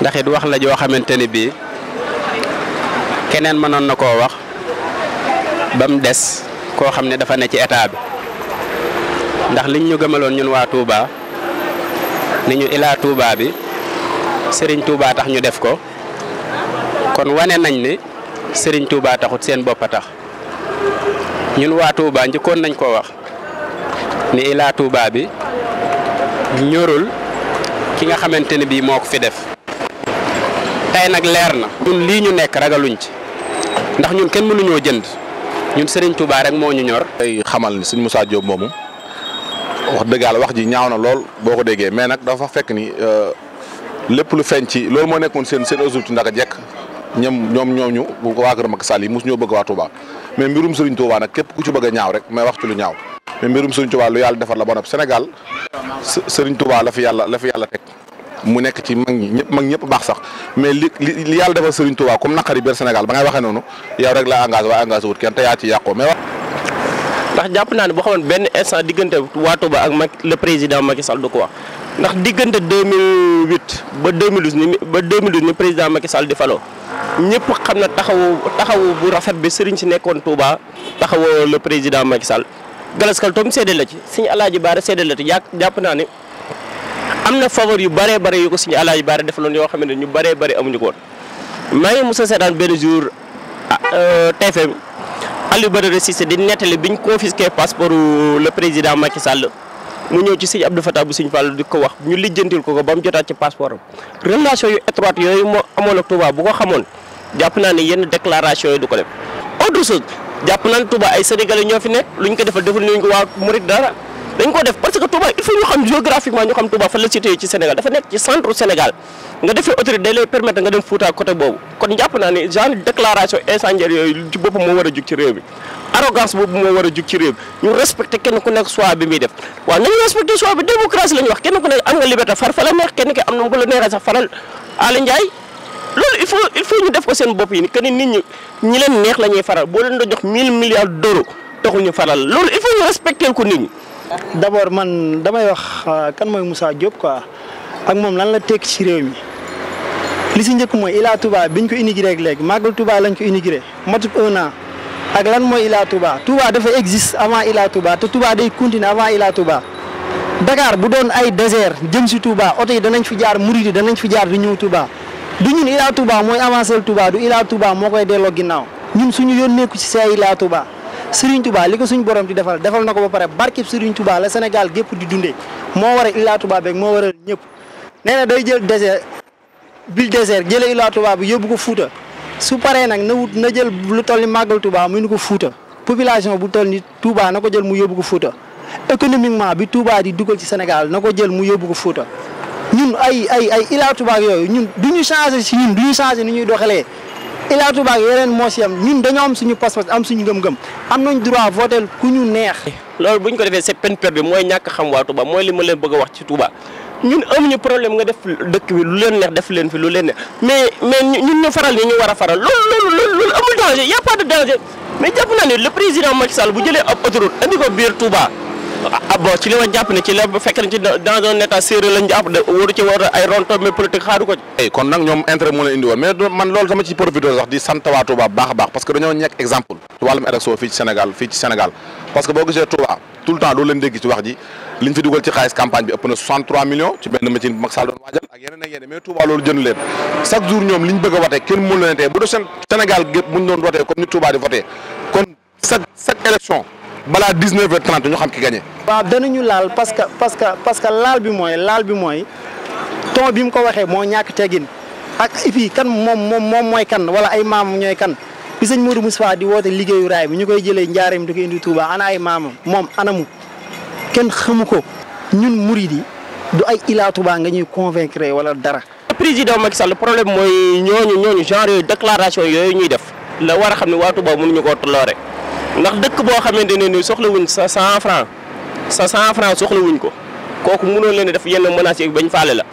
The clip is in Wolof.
ndax it wax la joo xamante ni bii keneen mënoon na koo wax ba des koo xam ne dafa ne ci état bi ndax liñ ñu gëmaloon ñun waa Touba ni ñu ilaa Touba bi sëriñ Touba tax ñu def ko kon wane nañ ni sëriñ Touba taxut seen bopp a tax ñun waa Touba njëkkoon nañ koo wax ni ilaa Touba bi ñorul ki nga xamante ne bii moo ko fi def. tey nag leer na ñun lii ñu nekk ragaluñ ci ndax ñun kenn mënuñoo jënd ñun sëriñ Touba rek moo ñu ñor. tey xamal ni suñ Moussa Diop moomu wax dëgg yàlla wax ji ñaaw na lool boo ko déggee mais nag dafa fekk ni euh, lépp lu feeñ ci loolu moo nekkoon seen seen objectif ndaka jekk ñoom ñoom ñoom ñu bu ko waa kër mag Sall yi mosu ñoo bëgg waa Touba mais mbirum Serigne Touba nag képp ku ci bëgg a ñaaw rek mais wax ci lu ñaaw mais mbirum Serigne Touba lu yàlla defar la ba noppi Sénégal Serigne la fi yàlla la fi yàlla teg. mu nekk ci mag ñi ñëpp mag ñëpp baax sax mais li li yàlla defal Serigne Touba comme naqari biir Sénégal ba ngay waxee noonu yow rek la engagé waa engagé wut kenn te yaa ci yàqoo mais. ndax jàpp naa ne boo xamoon benn instant diggante waa Touba ak Macky le président Macky Sall du ko wax ndax diggante 2008 ba 2012 ni ba 2012 ni président Macky Sall di falo ñëpp xam na taxawu taxawu bu rafet bi Serigne si nekkoon Touba taxawoo le président Macky Sall. Galas Kaltoum séddale la ci suñu alaaji Baara séddale la ci jàpp naa ne. am na faveur yu bëree bëri yu ko suñu alaaji baare defaloon yoo xam ne ñu bëree bëri amuñu ko maa ngi mos a seetaan benn jour ah, euh, TFM Aliou Badara Cissé di nettali biñ confisqué passeport le président Macky sàll mu ñëw ci sëñ Abdou Fatah bu sëñ Fall di ko wax ñu lijjantil ko ko ba mu jotaat ci passeport am relation yu étroite yooyu moo amoon ak Touba bu ko xamoon jàpp naa ne yenn déclaration yi du ko def autre chose jàpp naa ne Touba ay sénégalais dañ ko def parce que Touba il faut ñu xam géographiquement ñu xam Touba fan la situé ci Sénégal dafa nekk ci centre Sénégal nga defee autorité day lay permettre nga dem Fouta côté boobu kon jàpp naa ne genre déclaration incendiaire yooyu ci boppam moo war a jug ci réew bi arrogance boobu moo war a jug ci réew bi ñu respecté kenn ku nekk choix bi muy def waaw nañu respecté choix bi démocratie la wax kenn ku nekk am nga liberté far fa la neex kenn bopp yi que ni nit ñi ñi leen neex la ñuy faral boo leen doon jox 1000 milliards loolu il faut d' abord man damay wax euh, kan mooy Moussa Diop quoi ak moom lan la tekki ci réew mi li si njëkk mooy Ila Touba biñ ko inauguré ak léegi màggal Touba lañ ko inauguré mat un an ak lan mooy Ila Touba Touba dafa existe avant Ila Touba te Touba day continuer avant Ila Touba. Dakar bu doon ay désert jëm si Touba oto yi danañ fi jaar Mouride danañ fi jaar du ñëw Touba du ñun Ila Touba mooy avancé Touba du Ila Touba moo koy delloo ginnaaw ñun suñu yoon nekku ci se Ila Touba. Serigne Touba li ko suñ borom di defal defal na ko ba pare barkib Serigne Touba la Sénégal gépp di dundee moo waral Ila Touba beeg moo waral ñëpp nee day jël désert bil désert jëlee Ila Touba bi yóbbu ko Fuuta su paree nag na wut jël lu toll ni màggal Touba mu nu ko Fuuta population bu toll ni Touba na ko jël mu yóbbu ko Fuuta économiquement bi Touba di dugal ci Sénégal na ko jël mu yóbbu ko Fuuta ñun ay ay ay Ila yooyu ñun du ñu changé si ñun du ñu changé ni ñuy doxalee. Ila Touba ak yeneen moo si am ñun dañoo am suñu pas-pas am suñu ngëm-ngëm am nañ droit voter ku ñu neex. lool bu ñu ko defee c'est peine perdue mooy ñàkk xam waa Touba mooy li ma leen bëgg a wax ci Touba ñun amuñu problème nga def dëkk bi lu leen neex def leen fi lu leen neex mais mais ñun ñu faral ni ñu war a faral loolu loolu amul danger y a pas de danger mais jàpp naa ne le président Macky bu jëlee ab autoroute andi ko biir Touba. ah bon ci li ma jàpp ne ci la bu fekkee ne ci dans un état sérieux lañ jàpp de waru ci war ay retombées politique xaaru ko ci. Eh, kon nag ñoom intérêt mu la indi mais man loolu dama ci profité sax di sant waa Touba baax a baax parce que dañoo nekk exemple ci wàllum élection fii ci Sénégal fii ci Sénégal parce que boo gisee Touba tout le temps loolu leen dégg ci wax ji liñ fi dugal ci xaalis campagne bi ëpp na 63 millions ci benn balaa 19 heures 30 ñu xam ki gagné. waaw danañu laal parce que parce que parce que laal bi mooy laal bi mooy ton bi mu ko waxee moo ñàkk teggin ak et puis kan moom moom moom mooy kan wala ay maamam ñooy kan bi sëñ Modou Moustapha di woote liggéeyu raay bi ñu koy jëlee njaareem di ko indi Touba ana ay maamam moom anamu kenn xamu ko ñun murid di du ay Ila Touba nga ñuy convaincre wala dara. président Macky Sall problème mooy ñooñu genre genre déclaration yooyu ñuy def la war a xam ne waa Touba mënuñu koo tolloore ndax dëkk boo xamante ne ni soxlawuñ sa cent franc sa cent soxla wuñ ko kooku mënoo leen def yenn menaces yi bañ faale la